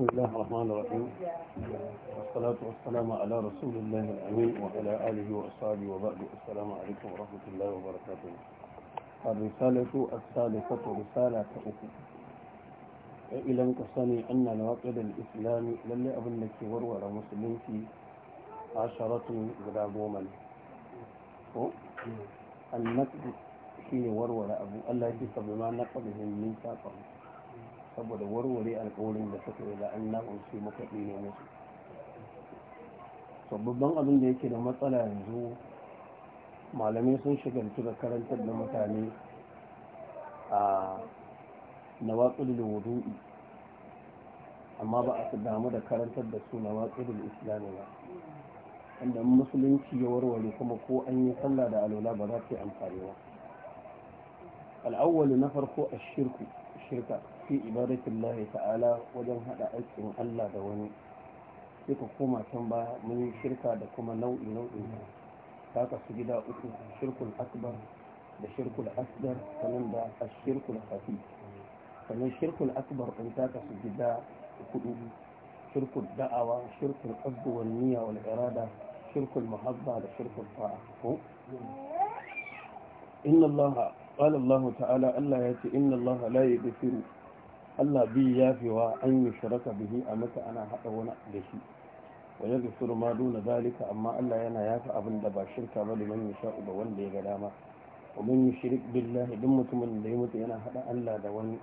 بسم الله الرحمن الرحيم والصلاة والسلام على رسول الله الأمين وعلى آله وأصحابه وبعد السلام عليكم ورحمة الله وبركاته الرسالة الثالثة رسالة أخرى إلى أن تصني أن الواقع الإسلامي للي أبن لك ورور مسلم في عشرة غرابوما النقد في ورور أبو الله فبما نقضهم من ساقهم saboda warware alkawarin da suka yi da an na'unsu muka ne musu babban abin da yake da matsala yanzu malamai sun shigantu da karantar da mutane a nawaƙil da wudu'i amma ba a damu da karantar da su na da islami ba inda musulunci ya warware kuma ko an yi sallah da alola ba za ta yi amfani ba al'awwali na farko a shirka fi ibadatin lahi ta'ala wajen haɗa aikin Allah da wani sai ka koma can ba mun shirka da kuma nau'i nau'in ta ka su gida uku shirkul akbar da shirkul asgar sannan da shirkul hafi sannan shirkul akbar ɗin ta ka su gida hudu shirkul da'awa shirkul qasdu wal niyya wal irada shirkul muhabba da shirkul fa'a inna allaha قال الله تعالى ألا يأتي إن الله لا يغفر Allah bi yafewa an yi shiraka bihi a mata ana haɗa wani da shi Wani ya ma duna zalika amma Allah yana yafa abin da ba shirka ba liman ya sha'u ga wanda ya ga dama wa man yushrik billahi duk mutumin da ya mutu yana haɗa Allah da wani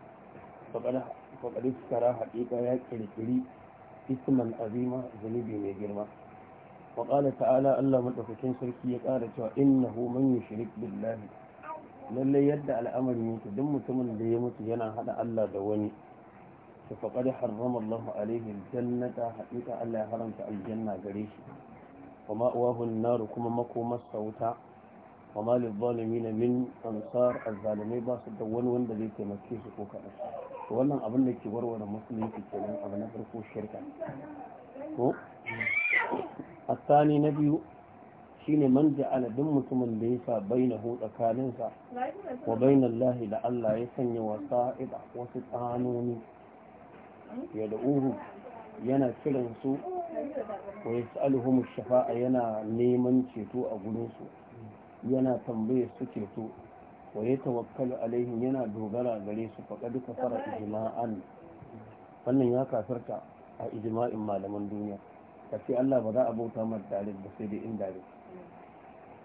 faqad iskara haƙiƙa ya ƙirƙiri, isman azima zunubi mai girma wa ta'ala Allah madaukakin sarki ya ƙara cewa innahu man yushrik billahi lallai yadda al'amari yake duk mutumin da ya mutu yana haɗa Allah da wani to fa qad harrama Allah alayhi jannata haqiqa Allah ya haramta aljanna gare shi kuma wa hun kuma makomarsa wuta kuma lil zalimin min ansar azzalimi ba su da wani wanda zai taimake su ko kadan to wannan abin da ke warware musulunci kenan abu na farko shirka ko na biyu. shine man ja'ala duk mutumin da ya sa bainahu tsakaninsa wa bainallahi da Allah ya sanya wasa'ida wasu tsanoni ya da'uhu yana kiran su wa yas'aluhum shafa'a yana neman ceto a gurin su yana tambaye su ceto wa yatawakkalu alaihim yana dogara gare su faqad kafara ijma'an wannan ya kafirta a ijma'in malaman duniya kace Allah ba za a bauta mar da sai da indirect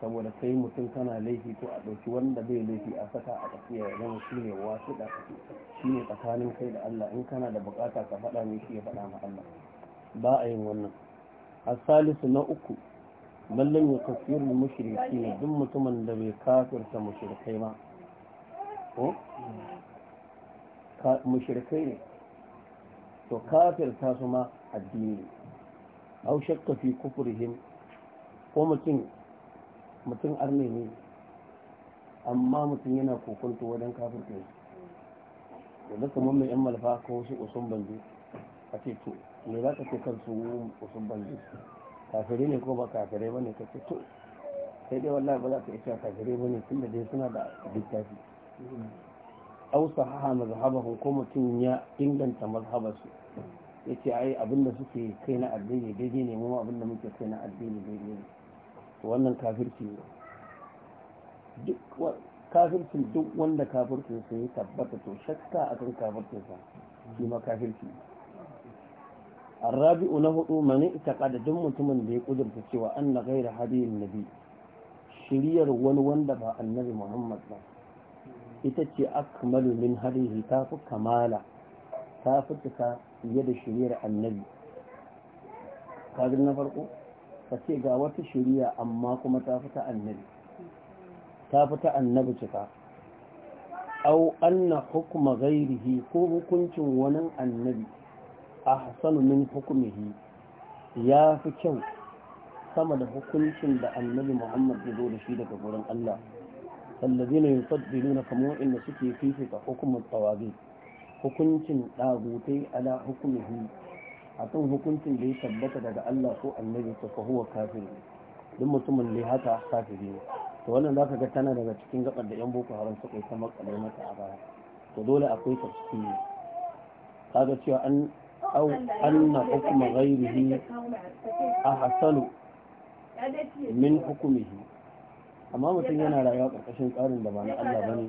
saboda kai mutum kana laifi ko a ɗauki wanda bai laifi a saka a tafiya ya zama shi ne wasu da shi ne tsakanin kai da Allah in kana da bukata ka faɗa mai shi ya faɗa ma Allah ba a yin wannan A Salisu na uku mallan ya kafir mushriki ne duk mutumin da bai kafirta mushrikai ba ko mushrikai ne to kafirta su ma addini au shakka fi kufrihim ko mutum mutum arme ne amma mutum yana kokonto wajen kafirta yi yanzu kamar mai yan malfa ko wasu usun banzu a ce to me za ka ce kan su usun banzu kafiri ne ko ba kafirai ba ne ka ce to sai dai wallahi ba za ka iya kafirai ba ne tun da dai suna da littafi au sahaha mazhabahum ko mutum ya inganta mazhabarsu yace ai abinda suke kai na addini daidai ne mu abinda muke kai na addini daidai ne wannan kafirci ne duk kafircin duk wanda kafircin sun yi tabbata to shakka akan kafircin sa shi ma kafirci arrabi'u na hudu mani kada duk mutumin da ya kudurta cewa anna ghayra hadiyin nabi shiriyar wani wanda ba annabi Muhammad ba ita ce akmalu min hadihi ta fi kamala ta fi cika fiye da shiriyar annabi kafin na farko ka ce ga wata shiriya, amma kuma ta fita annabi ta annabi cika au anna hukuma ghairihi ko hukuncin wani annabi a min hukmihi ya fi kyau sama da hukuncin da annabi Muhammad ya zo da shi daga wurin Allah الذين يفضلون كما إن سكي فيه hukumar الطواغيت hukuncin ɗagutai ala hukumihi akan hukuncin da ya tabbata daga Allah ko annabi ta fahuwa kafiri duk mutumin da haka kafiri ne to wannan zaka ga tana daga cikin gabar da yan boko haram suka yi ta makalai mata a baya to dole akwai tafsiri kaga cewa an au anna hukma ghairihi ahsanu min hukumihi amma mutum yana rayuwa karkashin tsarin da ba na Allah bane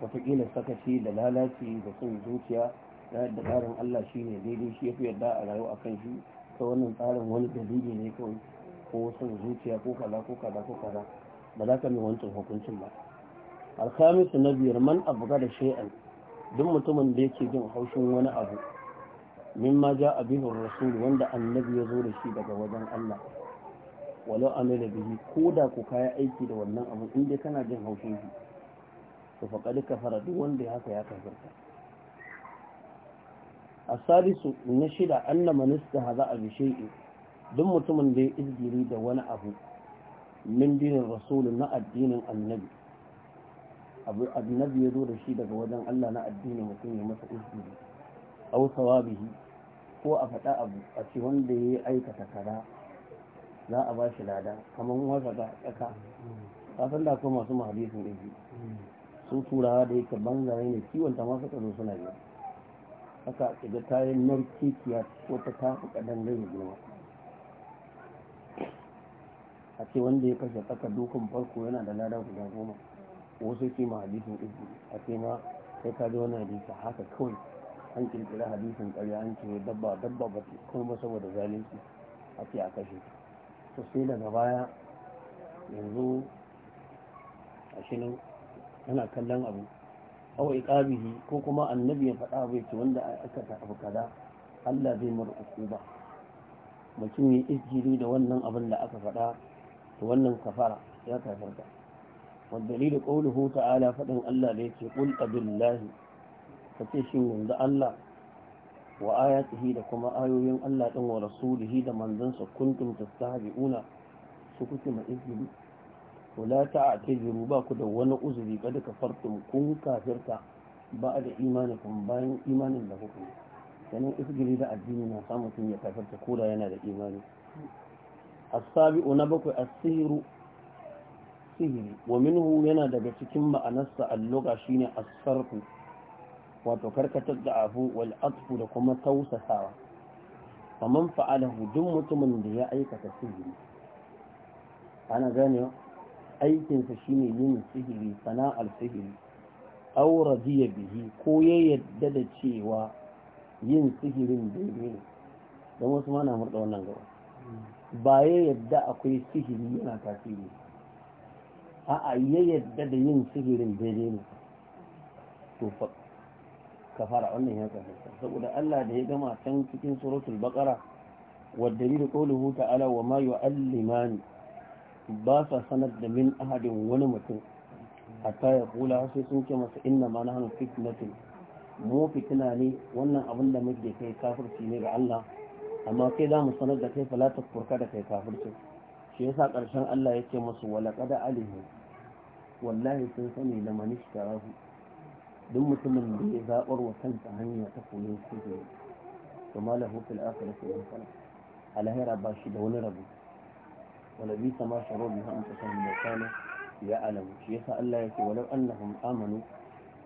wataƙila sakaci da lalaci da son zuciya ya da tsarin Allah shi ne daidai shi ya fi yadda a rayu a kan shi ta wannan tsarin wani dalili ne kawai ko son zuciya ko kaza ko kaza ko kaza ba za ka mai wancan hukuncin ba alkhamisu na biyar man abuga da shay'an duk mutumin da yake jin haushin wani abu ma ja abihu rasul wanda annabi ya zo da shi daga wajen Allah walau amila bihi ko da ku kaya aiki da wannan abu in dai kana jin haushin shi to faqad kafara duk wanda haka ya kafirta a sadisu na shida anna manista haza a bishe'i don mutumin da ya izgiri da wani abu min dinin rasulun na addinin annabi abu annabi ya zo da shi daga wajen allah na addini mutum ya masa izgiri a wasa wabihi ko a faɗa abu a ce wanda ya yi aikata kada za a ba shi lada kamar wasa ga tsaka kasan da kuma masu mahalisun izgiri sun turawa da yake banzare ne kiwon ta masu kazo suna biyu ƙasa ga tayin nan kikiya ko ta tafi kadan da girma a ce wanda ya kashe tsaka dukan farko yana da lada guda goma wasu ke ma hadisin ibu a ce ma sai ka ji wani hadisi haka kawai an kirkira hadisin ƙarya an ce dabba dabba ba ce kuma saboda zalunci a ce a kashe to sai daga baya yanzu a shi nan yana kallon abu aw iqabihi ko kuma annabi ya faɗa bai ce wanda aka ta abu Allah zai mar ukuba mutum ya isgiri da wannan abin da aka faɗa to wannan kafara ya kafar ka wanda ni da fadin Allah da yake qul billahi ka ce shin yanzu Allah wa ayatihi da kuma ayoyin Allah din wa rasulihi da manzansa kuntum tastahibuna su kuke mai isgiri wala ta'taziru ba ku da wani uzuri kada ka farkin kun kafirta ba da imanikum bayan imanin da kuka yi sanin isgiri da addini na samun sun ya kafirta ko yana da imani as-sabi'u na bakwai a sihru sihiri wa minhu yana daga cikin ma'anarsa alloga shine as wato karkatar da abu wal atfu da kuma tausasawa faman fa'alahu duk mutumin da ya aikata sihiri ana ganewa aikinsa shine yin sihiri sana'ar sihiri aura jiya bihi ko ya yadda da cewa yin sihirin daidai ne don wasu mana murda wannan gaba ba ya yadda akwai sihiri yana tasiri a'a ya yadda da yin sihirin daidai ne to kafara wannan ya kafara saboda Allah da ya gama can cikin suratul baqara wa dalil qawluhu ta'ala wa ma yu'allimani ba sa sanar da min ahadin wani mutum A ya kula sai sun ce masa inna ma nahnu fitnatun mu fitina ne wannan abin da muke kai kafirci ne ga Allah amma kai za mu sanar da kai falata furka da kai kafirci shi yasa karshen Allah ya ce musu wala qad alihu wallahi sun sani da manishta rahu duk mutumin da ya zabar wa kansa hanya ta koyon kudu to malahu fil akhirati min khalaq alahira ba shi da wani rabu ولبيس ما شروا بها أنفسهم لو كانوا يعلموا شيخ الله يكي ولو أنهم آمنوا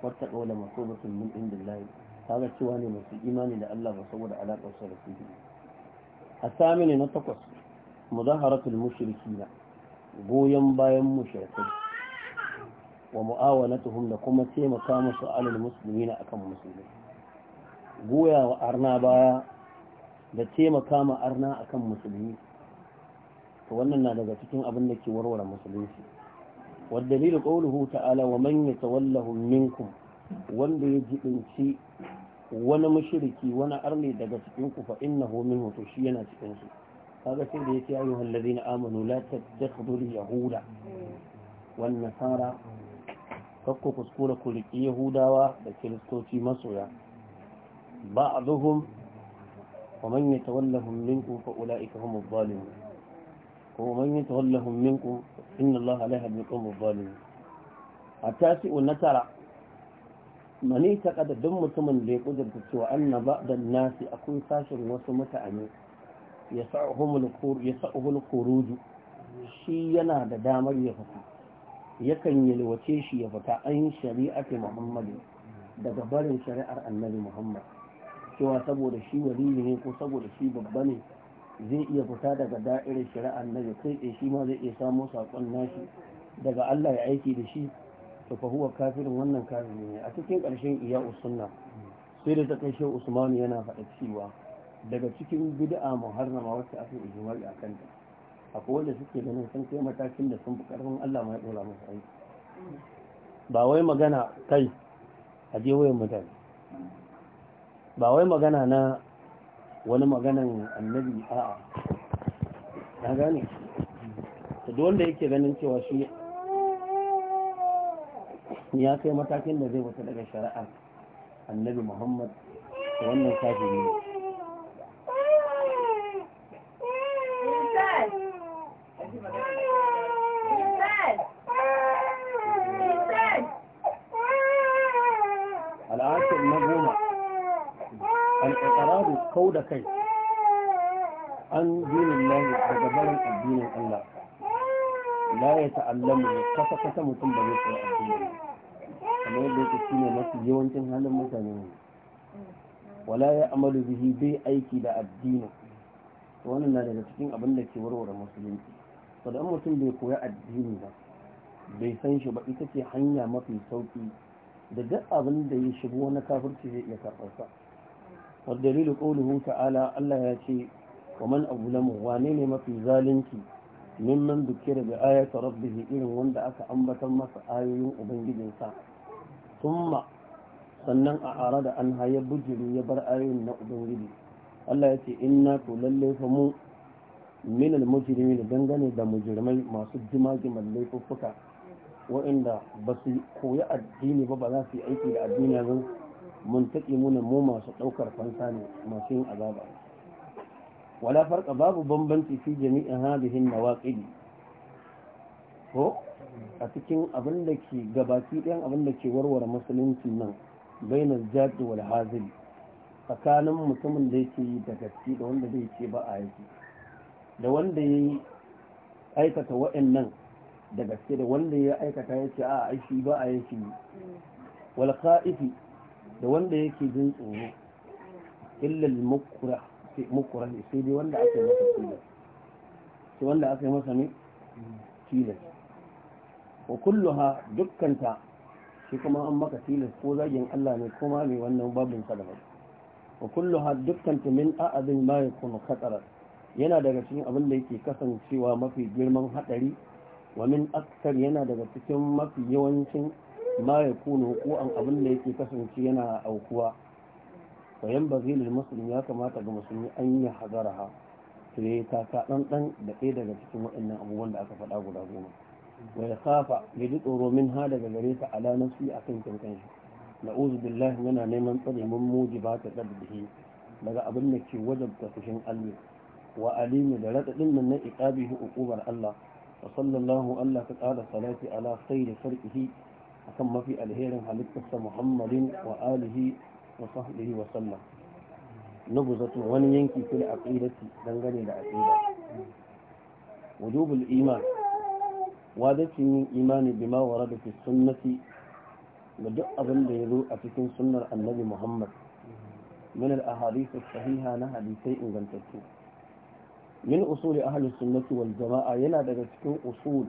واتقوا لمثوبة من عند الله هذا سواني من إيمان إلى الله بصور على رسول فيه الثامن نتقص مظاهرة المشركين goyon bayan mushrikai wa mu'awanatuhum da kuma taimaka musu alal muslimina akan musulmi goya wa arna baya da taimaka ma arna akan musulmi to wannan na daga cikin abin da ke warware musulunci والدليل قوله تعالى ومن يتولهم منكم wanda ya jibinci wani mushiriki wani arni daga ku fa innahu minhu to shi yana cikin su kaga sai da yace ayyuhal ladina amanu la tattakhudul yahuda wan nasara kakku kuskura ku riki yahudawa da kiristoci masoya ba'dhum wa man yatawallahum minkum fa ulaika humuz zalimun ومن يتولهم منكم إن الله لا يهدي القوم الظالمين التاسع نترى من اعتقد دم متمن da ya kudurta cewa anna ba'dan nasi akwai sashin wasu mutane ya sa'uhul kuruju shi yana da damar ya fita yakan yalwace shi ya fita an shari'ati muhammadin daga barin shari'ar annabi muhammad cewa saboda shi waliyi ne ko saboda shi babba ne zai iya fita daga da'irar shari'ar nabi kai shi ma zai iya samo saƙon nashi daga Allah ya aiki da shi to fa huwa kafirin wannan kafiri ne a cikin ƙarshen iya usunna sai da ta kai shehu usmanu yana faɗa cewa daga cikin bid'a muharrama wacce aka yi ijimai a kanta akwai wanda suke ganin sun kai matakin da sun fi ƙarfin Allah mai dora musu aiki ba wai magana kai a je wayan mutane ba wai magana na wani maganan annabi a'a na gane da wanda yake ganin cewa shi ya kai matakin da zai wata daga shari'ar annabi muhammad wannan kafin ne da kai an dinin lahi daga barin addinin Allah la ya ta'allamu kasa kasa mutum ba zai koyi addini kamar yadda yake shine mafi yawancin halin mutane ne wala ya amalu bihi bai aiki da addini wannan na daga cikin abin da ke warware musulunci to da mutum bai koya addini ba bai san shi ba ita ce hanya mafi sauki da duk abin da ya shigo na kafirci zai iya karɓarsa والدليل قوله تعالى الله ياتي ومن أظلم وانين ما في ذلك ممن ذكر بآية irin wanda aka ambatar مس ayoyin أبنجد ثم sannan a ara da an haya bujiru ya bar ayoyin na ubangiji Allah ya ce inna to lalle fa mu min al mujrimin dangane da mujrimai masu jimagi mallai fuffuka waɗanda ba su koyi addini ba ba za yi aiki da addini yanzu Mun taƙi muna mu masu ɗaukar fansa ne masu yin azaba wala farka babu bambanci fi jami'in hadihin waƙidi ko a cikin abin da ke gabaki ɗayan abin da ke warware musulunci nan bainar jaddi wal hazil tsakanin mutumin da yake yi da gaske da wanda zai ce ba a yake da wanda ya aikata wa'annan da gaske da wanda ya aikata ya ce a aishi ba a yake wal ka'ifi da wanda yake jin tsoro illal mukura mukura sai dai wanda aka yi masa tilas sai wanda aka yi masa ne tilas wa kulluha dukkanta shi kuma an maka tilas ko zagin Allah ne kuma mai wannan babin sadaka wa kulluha dukkanta min a'adin ma yakunu khatara yana daga cikin abin da yake kasancewa mafi girman hadari wa min akthar yana daga cikin mafi yawancin ma ya kunu hukuan abin da yake kasance yana aukuwa fa yanbaghi musulmi ya kamata ga musulmi an ya hazaraha to ka taka dan dan da ɗaya daga cikin waɗannan abubuwan da aka faɗa guda goma wa ya khafa ya ji tsoro min ha daga gare ta ala nafsi akan kankan shi na'uzu billahi yana neman tsare mun ta qaddihi daga abin da ke wajabta fushin Allah wa alimi da raɗaɗin nan na iqabihi uqubar Allah wa sallallahu Allah ka tsara salati ala khayri khalqihi akan mafi alherin halittarsa muhammadin wa alihi wa sahbihi wa sallam nubuzatu wani yanki fil aqidati dangane da aqida wujubul iman yin imani bima warada fi sunnati da duk abin da yazo a cikin sunnar annabi muhammad من الأحاديث الصحيحة نها لشيء غنتته من أصول أهل السنة والجماعة daga cikin أصول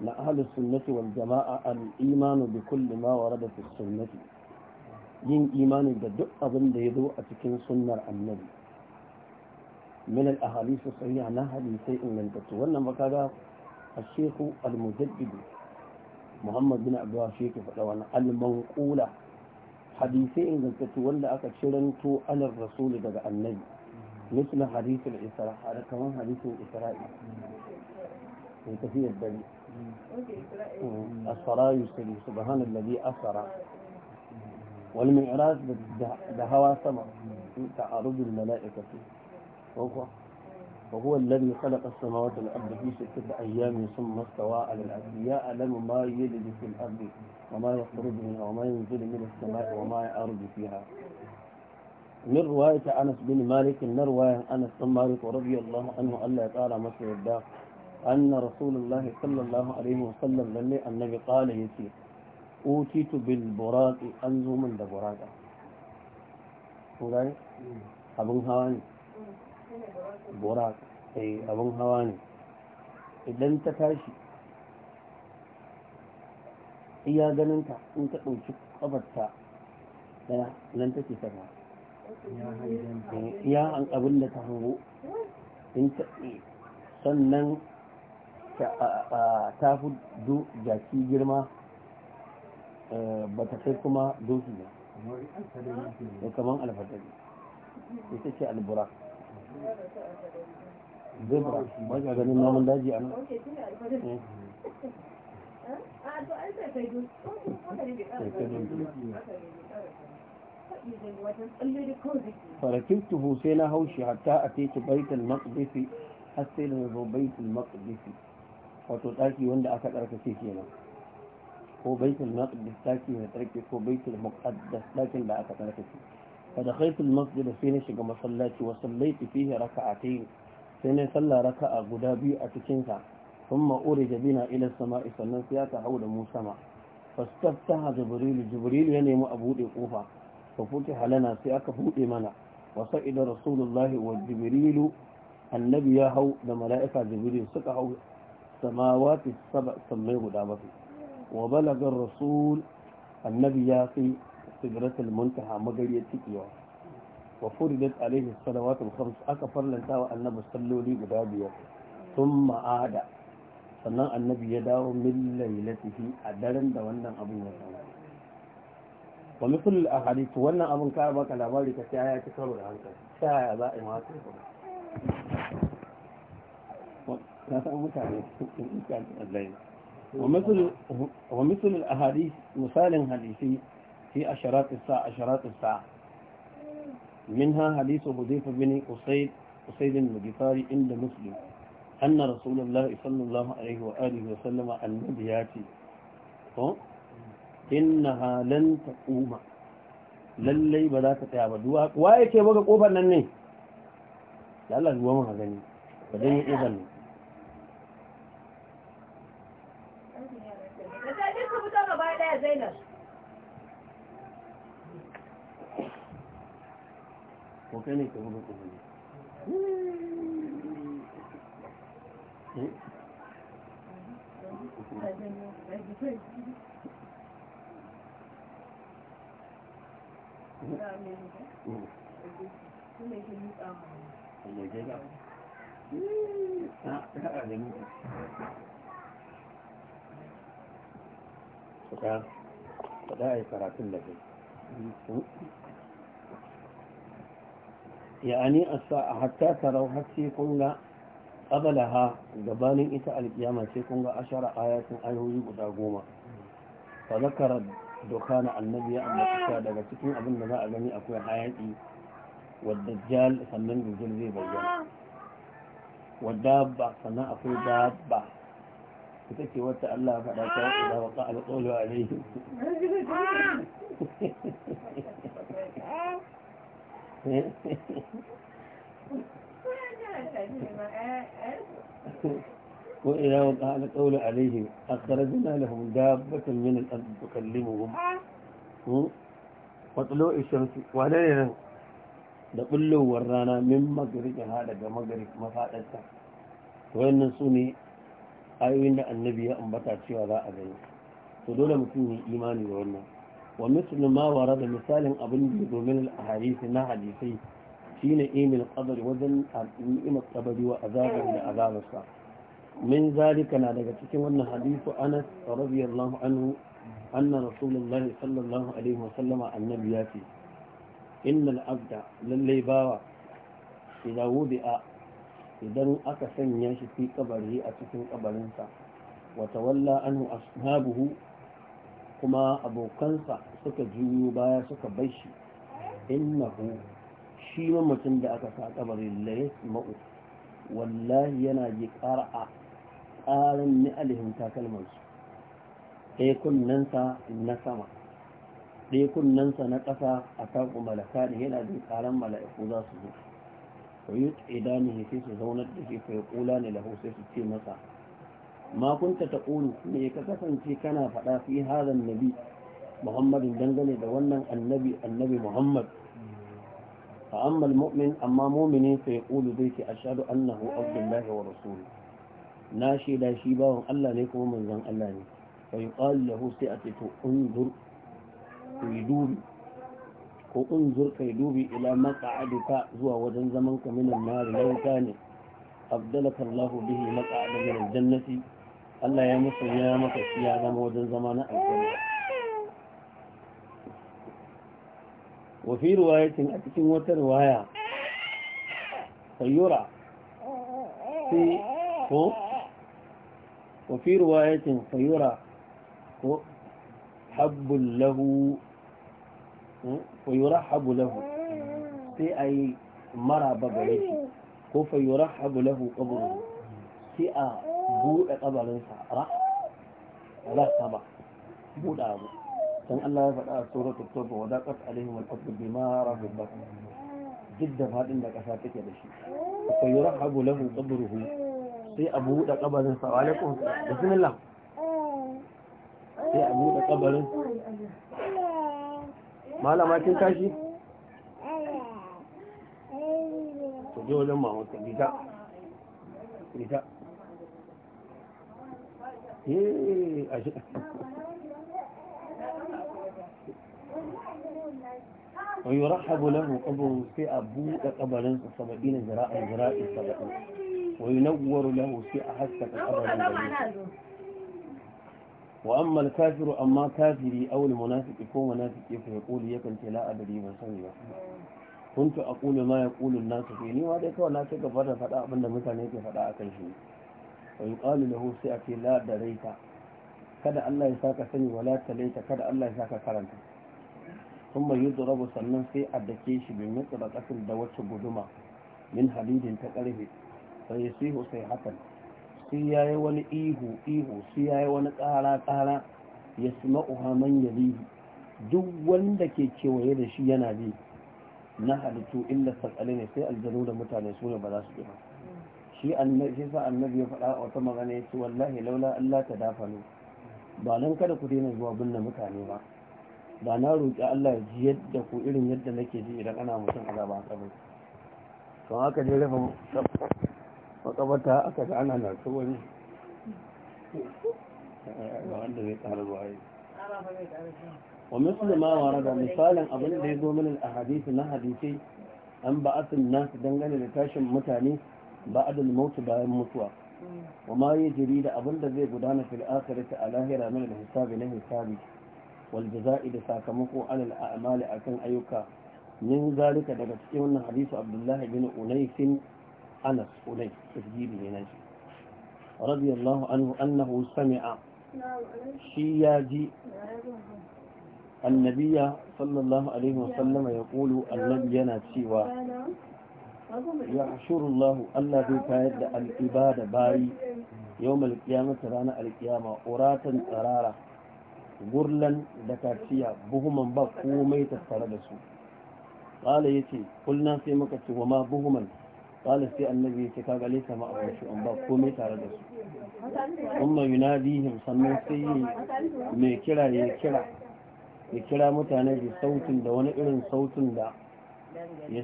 na ahalin sunnati wal jama'a al imanu bi kulli ma warada fi sunnati yin imani da duk abin da ya zo a cikin sunnar annabi min al ahadith sahiha na hadisi ingantattu wannan ba kaga al al-mujaddid muhammad bin abdul rashid ya faɗa wannan al-manqula hadisi ingantattu wanda aka ciranto anar rasul daga annabi مثل حديث الإسراء هذا كمان حديث في كثير الدليل أه، الصلاة يسري سبحان الذي أسرى والمعراج بهوى سمع تعرض الملائكة وهو وهو الذي خلق السماوات والأرض في ستة أيام ثم استوى على الأرض ألم ما يلد في الأرض وما يخرج منها وما ينزل من السماء وما يعرض فيها من رواية أنس بن مالك من رواية أنس بن مالك رضي الله عنه الله تعالى مصر الداخل أن رسول الله صلى الله عليه وسلم للي النبي قال يسير أوتيت بالبراق أنزو من دبراك وذلك أبن هواني براك أي أبن هواني إذا أنت تاشي iya ganinta in ta ɗauki ƙafarta ɗaya nan take sama iya an abin da ta hango in ta sannan ta fi jaki girma e, ba ta kai kuma doki ne da kaman alfadari ta ce albura zai ba ba ga ganin namun daji a nan فركبته سينا هوشي حتى أتيت بيت المقدس حتى نزو بيت المقدس wato ɗaki wanda aka tsarkake kenan ko baitul maqdis ɗaki mai tsarki ko baitul muqaddas ɗakin da aka tsarkake fa dakhaltu al masjid sai na shiga masallaci wa sallaitu fihi raka'atayn sai na sallah raka'a guda biyu a cikin sa thumma urija bina ila samai sannan sai aka da mu sama fastaftaha jibril jibril ya nemi a bude kofa fa futiha lana sai aka bude mana wa sa'ida rasulullahi wa jibrilu annabi ya hau da mala'ika jibril suka hau samawati saba sammai guda mafi wa balagar rasul annabi ya fi sidratul muntaha magariyar cikewa wa furidat alaihi salawatu khams aka farlanta wa annabi salloli guda biyar thumma ada sannan annabi ya dawo min lailatihi a daren da wannan abin ya samu wa misal ahadith wannan abin ka baka labari ka sai ya ci karo hankali sai ya za a yi ma ta san mutane wa misalin a hadis misalin hadisi fi a sharaɗin sa a sharaɗin sa min ha hadisu huzaifa bin usaid usaidin magifari inda muslim أن رسول الله صلى الله عليه وآله وسلم النبيات إنها لن تقوم للي بدا تتعب دواك وايك يبقى قوفا نني لا لا الوامها ذني فدني إذن wuta ne ka da يعني حتى تروا حتي كنغا قبلها غبانين ايتا القيامه سي كنغا 10 ايات ايوي غدا 10 فذكر دخان النبي ان كتا daga cikin abinda za a gani akwai hayaki والدجال sannan dajjal zai bayyana والدابة sannan akwai دابة ita ce wata Allah faɗa ta da waka alƙawari alaihi وإذا وقع القول عليه أخرجنا لهم دابة من الأرض تكلمهم وطلوع الشمس ولينا نقول له ورانا من مغرب هذا مغرب مفادتها وإن سوني ayoyin da annabi ya ambata cewa za a إيماني to wa mislu ma da misalin abin da domin hadisi na hadisai shine imil qabr wajen ni'imar qabri wa azabar da azabarsa min zalika na daga cikin wannan hadisu Anas radiyallahu anhu anna rasulullahi sallallahu alaihi wa sallama annabi ya ce innal abda lallai bawa idza wudi'a idan aka sanya shi fi kabari a cikin kabarinsa wa tawalla anhu ashabuhu kuma abokansa suka juyo baya suka bai shi innahu shi mamacin da aka sa kabarin la yasma'u wallahi yana ji qara'a qaran ni alihim takalmansu ɗaya kunnensa na sama ɗaya kunnensa na ƙasa a taku malaka ne yana jin ƙaran mala'iku za su zo ko yi idanihi sai su zaunar da shi fa ya ne lahu sai su ce masa ma ta taqulu me ka kasance kana faɗa fi hadan nabi muhammadin dangane da wannan annabi annabi muhammad fa amma mumin amma mu'mini ya yaqulu zai ce ashadu annahu abdullahi wa rasuluhu na shaida shi bawan Allah ne kuma manzon Allah ne fa yuqalu lahu sai a ce to unzur ku dubi ko unzur kai dubi ila maq'adika zuwa wajen zaman ka minan nar lauta ne abdalaka Allah bihi maq'ada min aljannati Allah ya musu ya maka shi ya zama wajen zama na aljanna wa fi riwayatin a cikin wata riwaya sayyura sai ko wa fi riwayatin sayyura ko habbul lahu ko hmm? lahu sai ayi mara gare shi ko fa yurahabu lahu qabru sai a buɗe kabarinsa ra wala sama buɗe abu don Allah ya faɗa a suratu tauba wa daqat alaihim al-ardu bima rahabat duk da faɗin da ƙasa take da shi fa yurhabu lahu qabruhu sai a buɗe kabarinsa wa alaikum bismillah sai a buɗe kabarin malama kin tashi ku je wajen mamata rita rita Eh, wa yi rahabu lahu kabarin sai a buɗe kabarinsa saba'i na zira'in zira'in saba'i wa yi nagwaru lahu a haskaka kabarin da wa amma kafiru amma kafiri awul munafiki ko munafiki fa yaqulu yakan ce la adri ban sani ba kuntu aqulu ma yaqulu an-nasu fi ni wa dai kawai na ce gaba da faɗa abinda mutane ke faɗa akan shi wa yuqalu lahu sai a ce la kada Allah ya saka sani wala talaita kada Allah ya saka karanta kuma yudrabu sannan sai a dake shi bin mitsara kasir da wacce guduma min halidin ta karfe sai yasihu sai hakan sai yi wani ihu ihu sai yi wani ƙara ƙara yasma'uha man yalihi duk wanda ke kewaye da shi yana bi na halittu illa sakalai ne sai aljanu da mutane su ne ba za su ba shi annabi sa annabi ya faɗa a wata magana ya ce wallahi laula Allah ta dafalo ba nan kada ku daina zuwa binne mutane ba Ba na roƙi Allah ya ji yadda ku irin yadda nake ji idan ana mutum a gaba ba. to aka je rufe makabata aka ga ana na so wani wanda zai tsara zuwa wa raga misalin abin da ya zo min a hadisi na hadisi an ba'asin nasu dangane da tashin mutane ba'adul mautu bayan mutuwa wa ma yajri da zai gudana fil akhirati a lahira min al-hisabi na hisabi wal da sakamako al a'mal akan ayyuka min zalika daga cikin wannan hadisi Abdullah ibn Unais Anas radiyallahu anhu annahu sami'a shi ya ji النبي صلى الله عليه وسلم يقول النبي ينا سوى ya shuru Allah zai tayar da al'ibada bayi yau malkiyamata ranar alkiyama uratan tsarara gurlan da kaciya buhuman ba komai tattare da su ƙala ya ce kulna sai muka ce wa ma buhuman ƙala sai annabi ya ce kaga laisa ma abu shi ba komai tare da su kuma yunadihim sannan sai mai kira ya kira ya kira mutane da sautin da wani irin sautin da ya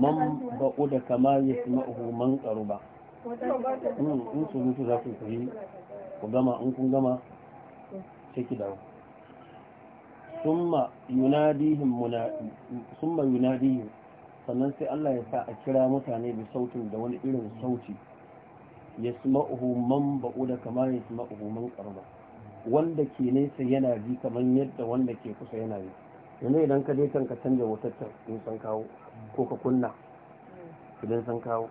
man ba'u da kama ya fi ma'uhu man tsaro ba hmm, in su mutu za ku yi ku gama in kun gama sai ki dawo summa yunadihim munadi sannan sai Allah ya sa a kira mutane da sautin da wani irin sauti ya sma'uhu man ba'u da kama ya fi sma'uhu man ba. wanda ke nesa yana ji kamar yadda wanda ke kusa yana ji yanzu idan ka je kan ka canja wutar in san kawo ko ka kunna idan san kawo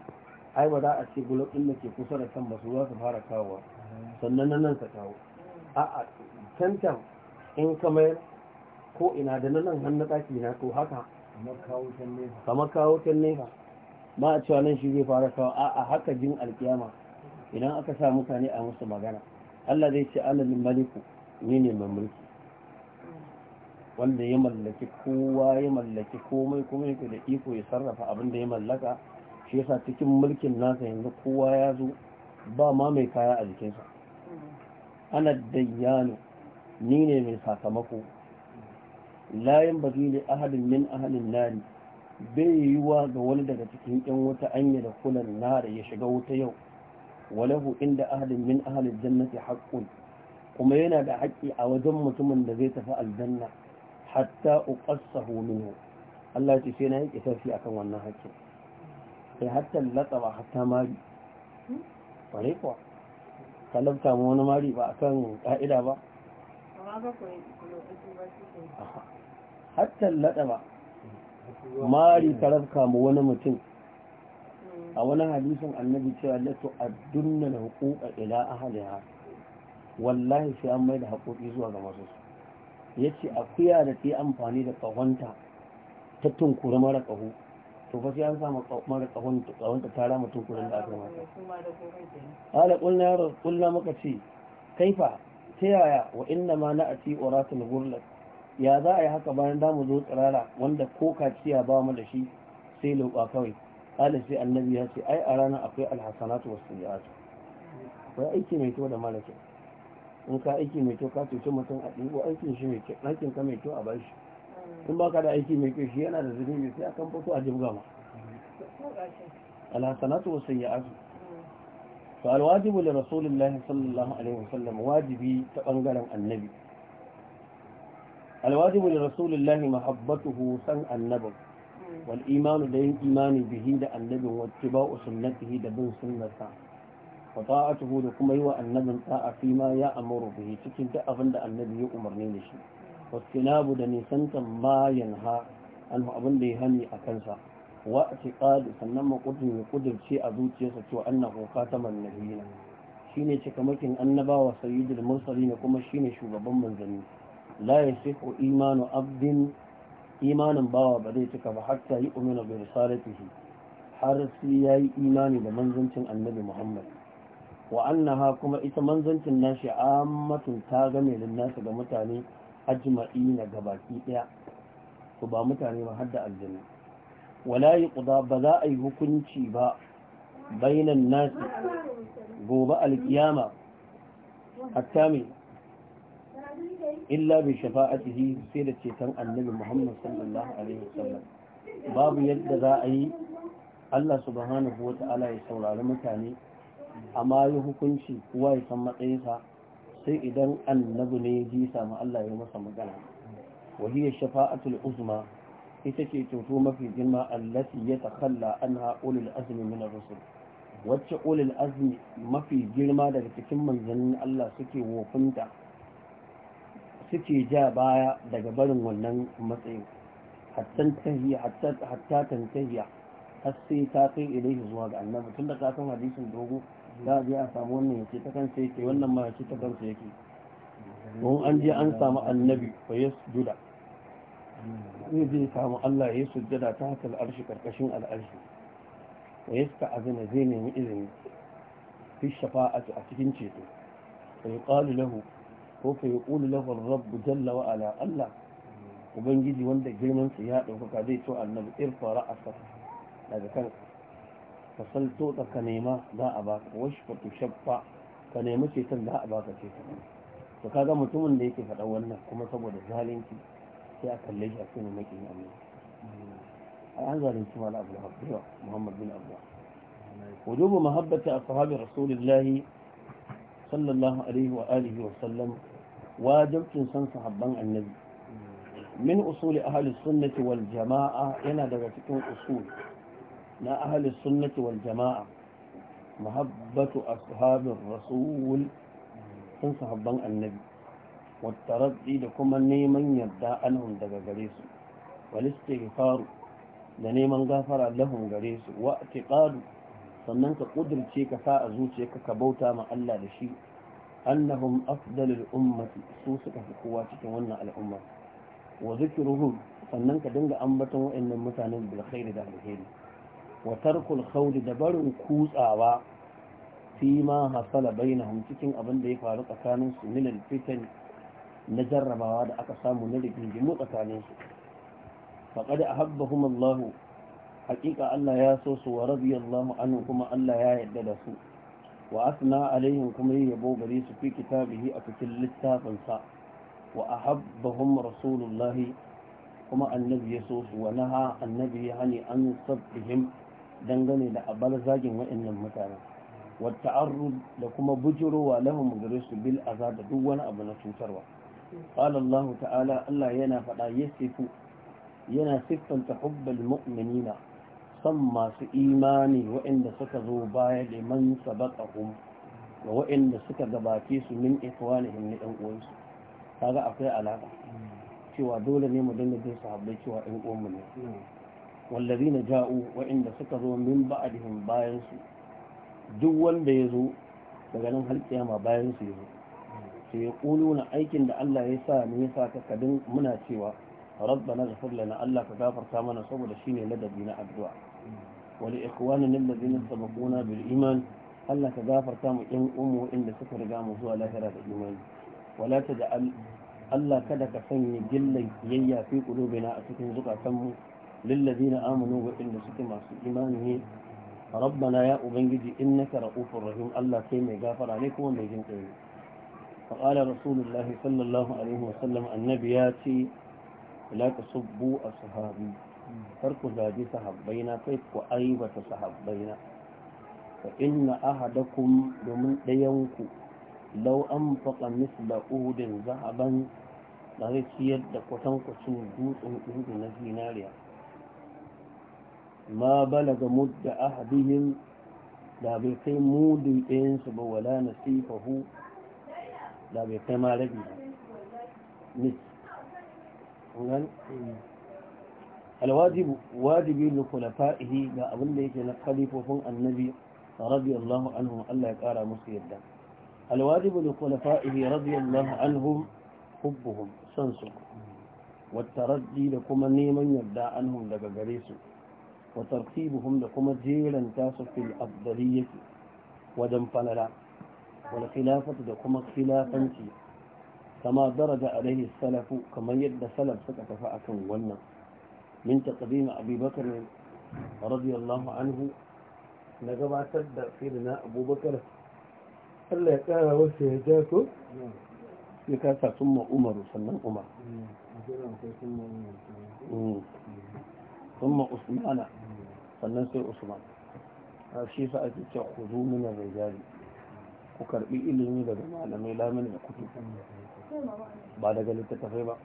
ai ba za a ce gulo din da ke kusa da can ba su za su fara ba sannan nan sa kawo a'a can can in ka mayar ko ina da nan hannu ɗaki na ko haka kama kawo can nefa ba a cewa nan shi zai fara kawo a'a haka jin alkiyama idan aka sa mutane a musu magana Allah zai ce alamin maliku ni ne mai mulki wanda ya mallaki kowa ya mallaki komai kuma yake da iko ya sarrafa abin da ya mallaka shi yasa cikin mulkin nasa yanzu kowa ya zo ba ma mai kaya a jikinsa ana dayyano ni ne mai sakamako layin bagi ne ahadin min ahadin nari bai yi yiwuwa ga wani daga cikin yan wuta anya da kulan nari ya shiga wuta yau walahu inda ahadin min ahadin jannati haƙƙun kuma yana da haƙƙi a wajen mutumin da zai tafi aljanna hatta uqassahu minhu Allah ya ce sai na yi kisasi akan wannan hakkin sai hatta latsa ba hatta mari bare kuwa ka lafta mu wani mari ba akan ka'ida ba hatta latsa ba mari ka lafta mu wani mutum a wani hadisin annabi cewa a addunna huquqa ila ahliha wallahi sai an mai da haƙoƙi zuwa ga masu su ya ce akuya da ta yi amfani da ƙahonta ta tunkura mara ƙaho to fa sai an samu mara ƙahon ƙahonta ta rama tunkurin da aka mata ala kulna ya kulna maka ce kaifa ta yaya wa inna ma na ati oratul gurlat ya za a yi haka bayan mu zo tsirara wanda ko kaciya ba mu da shi sai loƙa kawai ala sai annabi ya ce ai a ranar akwai alhassanatu wasu yatu akwai aiki mai kyau da mara kyau in ka aiki mai kyau ka cuci mutum a ɗigo aikin shi mai kyau aikin ka mai kyau a bashi in ba ka da aiki mai kyau shi yana da zunubi sai akan fito a jibga ma alhassanatu wasu ya azu fa alwajibu li rasulillahi sallallahu alaihi wasallam wajibi ta bangaren annabi alwajibu li rasulillahi mahabbatuhu san annabi wal imanu da yin imani bihi da annabin wattiba'u sunnatihi da bin sunnata wa ta'atuhu da kuma yi wa annabin ta'a fi ya amuru bihi cikin duk abinda annabi ya umarni da shi wasinabu da nisantan ma yanha an abin da ya hani a kansa wa atiqadu sannan makudin ya kudirce a zuciyarsa cewa annahu khataman nabiyina shine cikamakin annabawa sayyidul mursalin kuma shine shugaban manzanni la yasihu imanu abdin imanin bawa ba zai cika ba hatta yi umina bi risalatihi har sai yayi imani da manzancin annabi Muhammad wa annaha kuma ita manzancin nashi ammatun ta game nasu ga mutane na gabaki daya ba mutane ba da aljanna wala yuqda ba za a yi hukunci ba bainan nasi gobe alkiyama hatta mai illa bi shafa'atihi sai da ceton annabi Muhammad sallallahu alaihi wasallam babu yadda za a yi Allah subhanahu Ta'ala ya saurari mutane amma yi hukunci kowa ya san matsayinsa sai idan annabi ne ji samu Allah ya masa magana wahiyar shafa'atul uzma ita ce ceto mafi girma allati ya takalla anha ulil azmi min rusul wacce ulil azmi mafi girma daga cikin manzannin Allah suke wofinta suke ja baya daga barin wannan matsayin hatta tantahiya har sai ta kai ilaihi zuwa ga annabi tun ka san hadisin dogo za a biya a samu wannan yake ta kansa yake wannan ma yake ta kansa yake don an je an samu annabi fa ya sujuda zai zai samu Allah ya sujjada ta haka al'arshi karkashin al'arshi wa ya suka azina zai nemi izini fi shafa'ati a cikin ceto fa ya ƙalu lahu ko fa ya ƙulu lahu rabbu jalla wa ala Allah ubangiji wanda girmansa ya ɗaukaka zai to annabi irfa ra'asa daga kansa ka salto ka nema za a baka washfa tu shaffa ka nemi ceton za a baka ceton to kaga mutumin da yake faɗa wannan kuma saboda zalunci sai a kalle shi a cikin makin Allah a an zalunci mala abu hafiya muhammad bin abdullah wujubu mahabbati ashabi rasulillahi sallallahu alaihi wa alihi wa sallam wajibcin san sahabban annabi min usuli ahli sunnati wal jama'a yana daga cikin usul na ahalin sunnati wal jama'a mahabbatu ashabin rasul sun sahabban annabi da kuma neman yarda عنهم daga gare su walistighfar da neman gafara lahum gare su wa i'tiqad sannan ka kudirce ka sa a zuciyarka ka bauta ma Allah da shi annahum afdalul ummati su suka fi kowa cikin wannan al'umma wa zikruhum sannan ka dinga ambaton waɗannan mutanen bil khairi da alheri wa tarkul khawli da barin kutsawa fi ma hasala bainahum cikin abin da ya faru tsakanin su min al-fitan na jarrabawa da aka samu na rigingimu tsakanin su faqad ahabbahum Allah haqiqa Allah ya so su wa radiyallahu anhu kuma Allah ya yarda da su wa asna alaihim kuma yabo gare su fi kitabihi a cikin littafin sa wa ahabbahum rasulullahi kuma annabi ya so su wa naha annabi hani an sabbihim dangane da abar zagin waɗannan mutanen wata arru da kuma bujirowa lahum gare su bil aza da duk wani abu na cutarwa qala Allah ta'ala Allah yana faɗa yasifu yana siffanta hubbal mu'minina san masu imani waɗanda suka zo baya da man sabaqahum da waɗanda suka gabace su min ikwanihim ne ɗan uwansu kaga akwai alaka cewa dole ne mu dinga jin sahabbai cewa ɗan uwanmu ne wallazi na ja'u wa'inda suka zo min ba'adihim bayan su duk wanda ya zo daga nan hal kiyama bayan su yazo sai ya na aikin da Allah ya sa ne ya sa ka kadin muna cewa rabbana ghfir lana Allah ka gafarta mana saboda shine ladabi na addu'a wa li ne alladhina sabaquna bil iman Allah ka gafarta mu in umu inda suka riga mu zuwa lahira da imani wala ta da Allah kada ka sanya gillan yayya fi qulubina a cikin zukatan mu للذين آمنوا وإن سكما إيمانه ربنا يا أبنجي إنك رؤوف رحيم الله كيما غافر عليكم ومن جنتين فقال رسول الله صلى الله عليه وسلم النبيات لا تصبوا أصحابي تركوا زادي صحابينا كيف وأيبة صحابينا فإن أحدكم لمن ديونكم لو أنفق مثل أود ذهبا لغير سيد قطنك سندوس أود نزيناريا ما بلغ مد أحدهم لا بيقيم مود الإنس ولا نصيفه لا بيقيم ما ربي نصف الواجب واجب لخلفائه لا أظن ليك نخلفهم النبي رضي الله عنهم الله يقارى مسيدا الواجب لخلفائه رضي الله عنهم حبهم سنسك والترجي لكم نيما يبدأ عنهم لك غريسك wa tartibuhum da kuma jeran tasu fil afdaliyyati wajen falala wal khilafatu da kuma khilafanci kama daraja alaihi salafu kamar yadda salaf suka tafi akan wannan min taqdim abi bakr radiyallahu anhu na gabatar da sirna abubakar Allah ya kara wasu ya ja ko ya kasa sun ma umaru sannan umar mm, mm. sun ma usmana sannan sai usman a shi sa ake ce ku zo mina mai jari ku karbi ilimi daga malamai lamini da kutu ba daga littattafai ba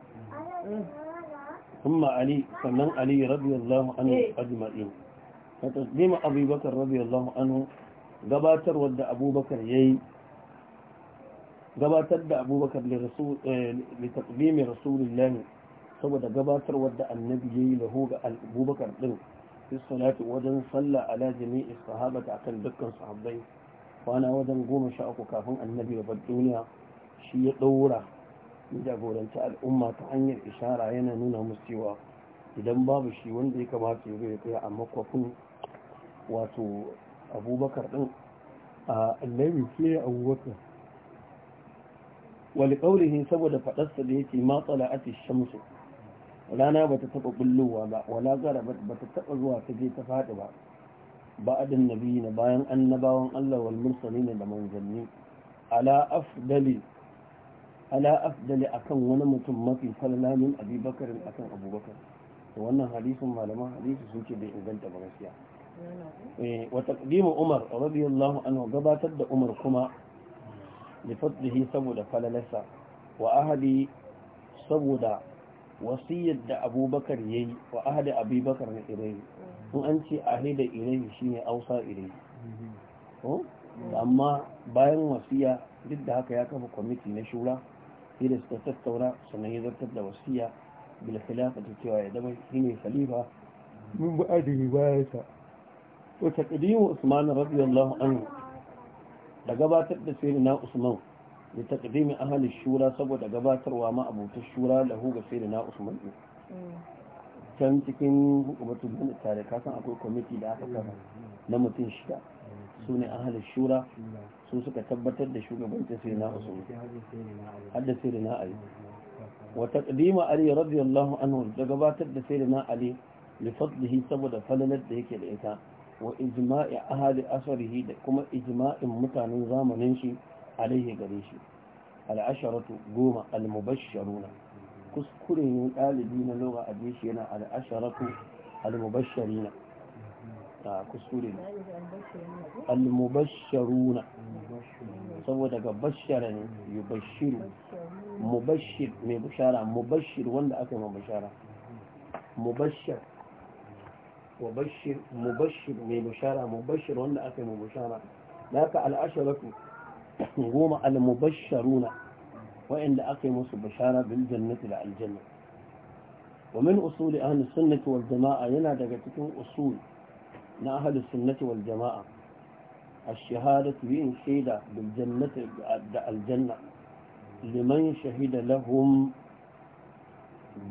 ثم علي sannan علي radiyallahu anhu عنه أجمعين فتسليم abubakar radiyallahu anhu gabatar wadda abubakar ya yi gabatar da abubakar littattalimin eh, rasulullahi saboda gabatar wadda annabi ya yi lahu ga abubakar ɗin fi salati wajen sallah ala jami'i sahabata akan dukkan sahabbai kwana wajen goma sha uku kafin annabi ya duniya shi ya ɗaura jagoranci al'umma ta hanyar ishara yana nuna musu cewa idan babu shi wanda ya kamata ya zai kai a makwafin wato abubakar ɗin a annabi ke abubakar wali ƙaurihin saboda faɗarsa da yake matsala ati shamsu rana ba ta taɓa bullowa ba wala gara ba ta taɓa zuwa ta je ta faɗi ba ba'adin nabi na bayan annabawan Allah wal mursalin da manzanni ala afdali ala afdali akan wani mutum mafi falala min akan Abu Bakar to wannan hadisin malaman hadisi sun ce bai inganta ba gaskiya eh wa taqdimu Umar radiyallahu anhu gabatar da Umar kuma li fadlihi saboda falalasa wa ahadi saboda wasiyar da abubakar ya yi wa ahada abubakar na irai in an ce ahida irai shi ne ausa irai amma bayan wasiya duk da haka ya kafa kwamiti na shura sai da suka tattauna sannan ya zartar da wasiya bil khilafa ta cewa ya zama shi ne khalifa min ba'adihi bayansa to taqdimu usman radiyallahu anhu da gabatar da sayyidina usman da taqdimi ahalin shura saboda gabatarwa ma abutar shura lahu ga sayyidina Usman mm. can cikin hukumatu da tare ka san akwai kwamiti da aka kafa na mutum shida su ne ahli shura su suka tabbatar da shugabancin sayyidina Usman hadda sayyidina Ali wa taqdimi Ali radiyallahu anhu da gabatar da sayyidina Ali لفضله saboda falalar da yake da ita wa ijma'i ahli asarihi da kuma ijma'in mutanen zamanin shi alaihi gare shi al'asharatu goma al-mubashsharuna kuskure ne ɗalibi na lura a shi yana al'asharatu al-mubashsharina a kuskure ne al-mubashsharuna saboda ga bashara ne yubashiru mubashir mai bishara mubashir wanda aka yi هم المبشرون وإن لأقيموا البشارة بالجنة على الجنة ومن أصول أهل السنة والجماعة ينادقتكم أصول من أهل السنة والجماعة الشهادة بإن شهيدة بالجنة الجنة لمن شهد لهم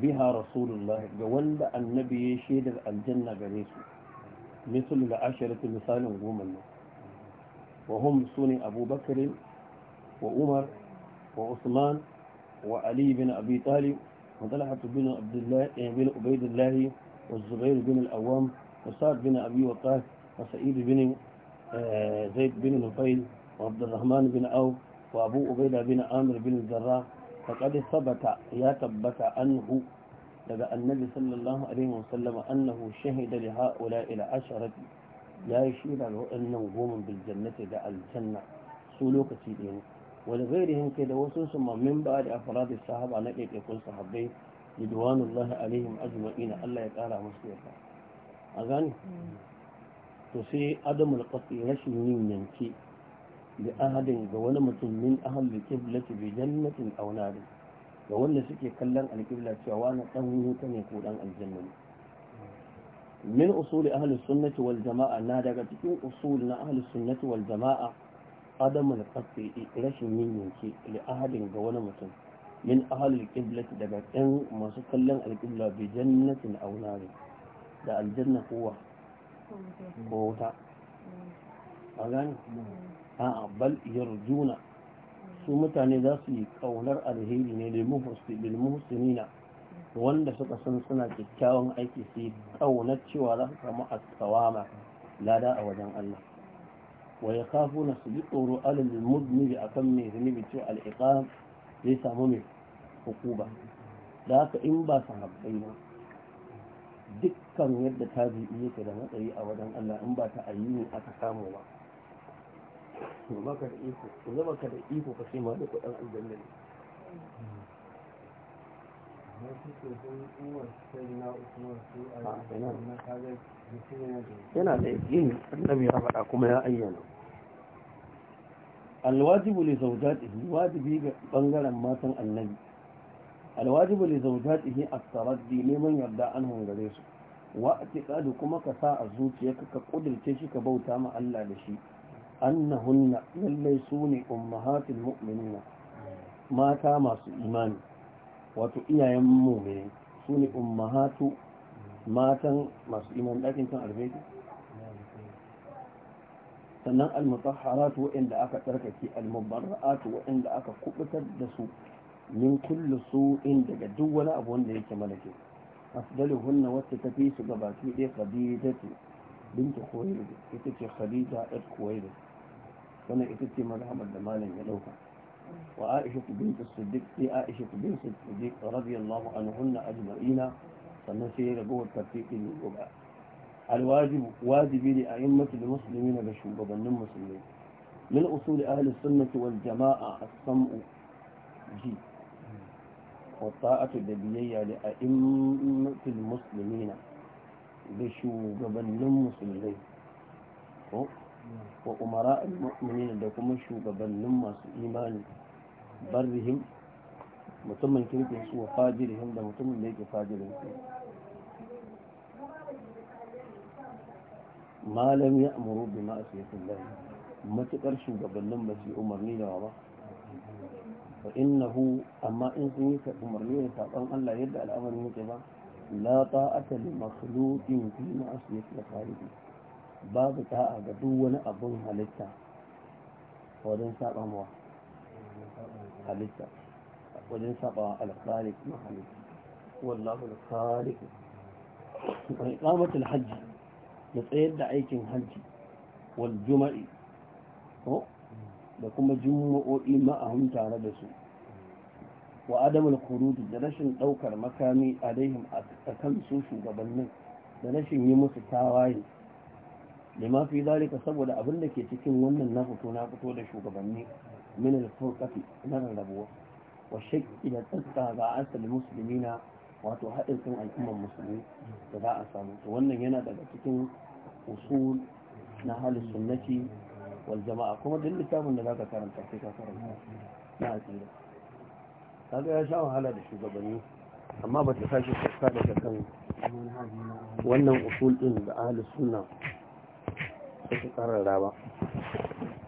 بها رسول الله جوان النبي شهد الجنة بريسو مثل العشرة مثال قوم النبي وهم سني أبو بكر وعمر وعثمان وعلي بن أبي طالب وطلحة بن عبد الله إيه، بن عبيد الله والزبير بن الأوام وسعد بن أبي وقاص وسعيد بن آه، زيد بن نفيل وعبد الرحمن بن عوف وأبو عبيدة بن عامر بن الزراع فقد ثبت يا ثبت عنه لدى النبي صلى الله عليه وسلم أنه شهد لهؤلاء العشرة ya yi shira da waɗannan goma bil jannati da aljanna su lokaci ɗaya wani gairihin kai da wasu su mammin ba da afaradu sahaba na ɗaiɗaikun sahabbai ridwanullahi alaihim ajma'ina Allah ya kara musu yarda a gani to sai adamul qati rashin yin yanke da ahadin ga wani mutum min ahli qiblati bi jannatin aw nar ga wanda suke kallon alqibla cewa wani dan wuta ne ko dan aljanna ne min usuli ahli sunnati wal jama'a na daga cikin usul na ahli sunnati wal jama'a adamul qasdi rashin yin yanke li ahadin ga wani mutum min ahli qiblat daga ɗan masu kallon alqibla bi jannatin aw nari da aljanna kowa ko wuta a bal yarjuna su mutane za su yi kaunar alheri ne lil muhsinina wanda suka san suna kyakkyawan aiki su yi ƙaunar cewa za su samu tsawama lada a wajen Allah wa ya kafu na su ji tsoro alal mudmiri a kan mai zunubi cewa al'iƙam zai samu mai hukuba da haka in ba su haɓɓai ba dukkan yadda ta biyu yake da matsayi a wajen Allah in ba ta ayyuni aka samu ba to da iko zama ka da iko ka ma da kuɗin aljanna Ah, yana da yin annabi ya faɗa kuma ya ayyana alwajibu li zawjatihi wajibi ga bangaren matan annabi alwajibu li zawjatihi at-taraddi neman yarda an hungare su wa atiqadu kuma ka sa a zuciya, ka kudirce shi ka bauta ma Allah da shi annahunna lallai sune ummahatul mu'minina mata masu imani wato iyayen mu'mini su ne ummahatu matan masu iman ɗakin kan albaiti sannan almutahharatu waɗanda aka tsarkake almubarra'atu waɗanda aka kubutar da su min kullu in daga duk wani abu wanda yake malake hunna wacce ta fi su gabaki ɗaya Khadija ce, binta kuwailid ita ce khadija ɗat kuwailid wannan ita ce mazhabar da malam ya ɗauka وعائشة بنت الصديق في عائشة بنت الصديق رضي الله عنهن أجمعين سنسير قوة ترتيب الوباء الواجب واجب لأئمة المسلمين بشوبة بن المسلمين من أصول أهل السنة والجماعة الصمء جي والطاعة الدبيية لأئمة المسلمين بشوبة بن المسلمين وأمراء المؤمنين لكم شوبة بن المسلمين barrihim mutumin kirkin su wa fajirihim da mutumin da yake fajirin su malam ya amuru bi ma'asiyatin lahi matukar shugabannin ba su umarni da ba fa innahu amma in sun yi ka umarni da saɓon Allah yadda al'amarin yake ba la ta'ata li makhluqin fi ma'asiyatil khaliqi babu ta'a ga duk wani abun halitta wajen saɓon wa halitta wajen saba alkhalik na halitta wallahu alkhalik wa iqamatul hajji da tsayar da aikin hajji wal ko da kuma jumu'o'i ma'ahum tare da su wa adamul kurudu da rashin ɗaukar makami alaihim a kan su shugabannin da rashin yi musu tawaye lima fi zalika saboda abin da ke cikin wannan na fito na fito da shugabanni من الفرقة من الربوة والشيء إذا تبقى ضاعت المسلمين وتحقق الأمة المسلمين فضاع صامت وأن ينادى لكتن أصول نهال السنة والجماعة كما دل كتاب أن ذاك كان تحقيق كرم ما أتنى هذا يا شاو هلا دشو زبني أما بتفاشي تفكارك كان وأن أصول إن أهل السنة تتقرر رابع